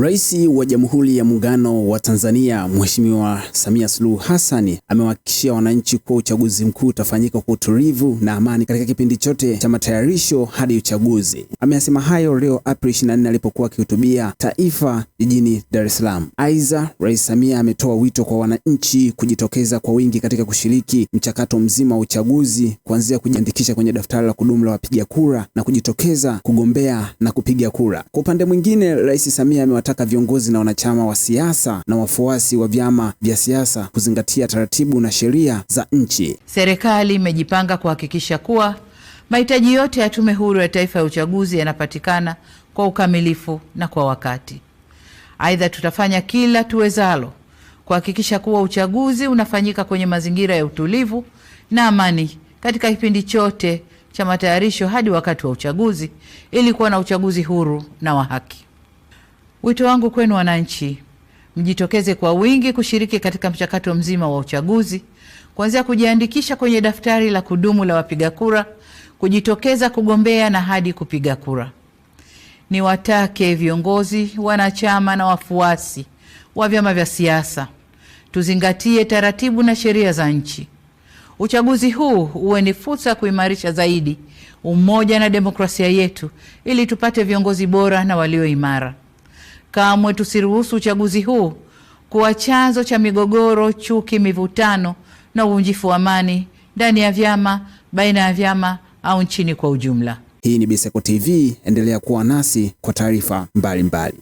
Rais wa Jamhuri ya Muungano wa Tanzania Mheshimiwa Samia Suluhu Hassan amewahakikishia wananchi kuwa uchaguzi mkuu utafanyika kwa utulivu na amani katika kipindi chote cha matayarisho hadi uchaguzi. Ameyasema hayo leo Aprili 24 alipokuwa akihutubia taifa jijini Dar es Salaam. Aidha, Rais Samia ametoa wito kwa wananchi kujitokeza kwa wingi katika kushiriki mchakato mzima wa uchaguzi kuanzia kujiandikisha kwenye daftari la kudumu la wapiga kura na kujitokeza kugombea na kupiga kura. Kwa upande mwingine, Rais Samia kuwataka viongozi na wanachama wa siasa na wafuasi wa vyama vya siasa kuzingatia taratibu na sheria za nchi. Serikali imejipanga kuhakikisha kuwa mahitaji yote ya Tume Huru ya Taifa ya Uchaguzi yanapatikana kwa ukamilifu na kwa wakati. Aidha, tutafanya kila tuwezalo kuhakikisha kuwa uchaguzi unafanyika kwenye mazingira ya utulivu na amani katika kipindi chote cha matayarisho hadi wakati wa uchaguzi ili kuwa na uchaguzi huru na wa haki. Wito wangu kwenu wananchi, mjitokeze kwa wingi kushiriki katika mchakato mzima wa uchaguzi, kuanzia kujiandikisha kwenye daftari la kudumu la wapiga kura, kujitokeza kugombea na hadi kupiga kura. Niwatake viongozi, wanachama na wafuasi wa vyama vya siasa tuzingatie taratibu na sheria za nchi. Uchaguzi huu uwe ni fursa ya kuimarisha zaidi umoja na demokrasia yetu ili tupate viongozi bora na walio imara. Kamwe tusiruhusu uchaguzi huu kuwa chanzo cha migogoro, chuki, mivutano na uvunjifu wa amani ndani ya vyama, baina ya vyama au nchini kwa ujumla. Hii ni Biseko TV, endelea kuwa nasi kwa taarifa mbalimbali.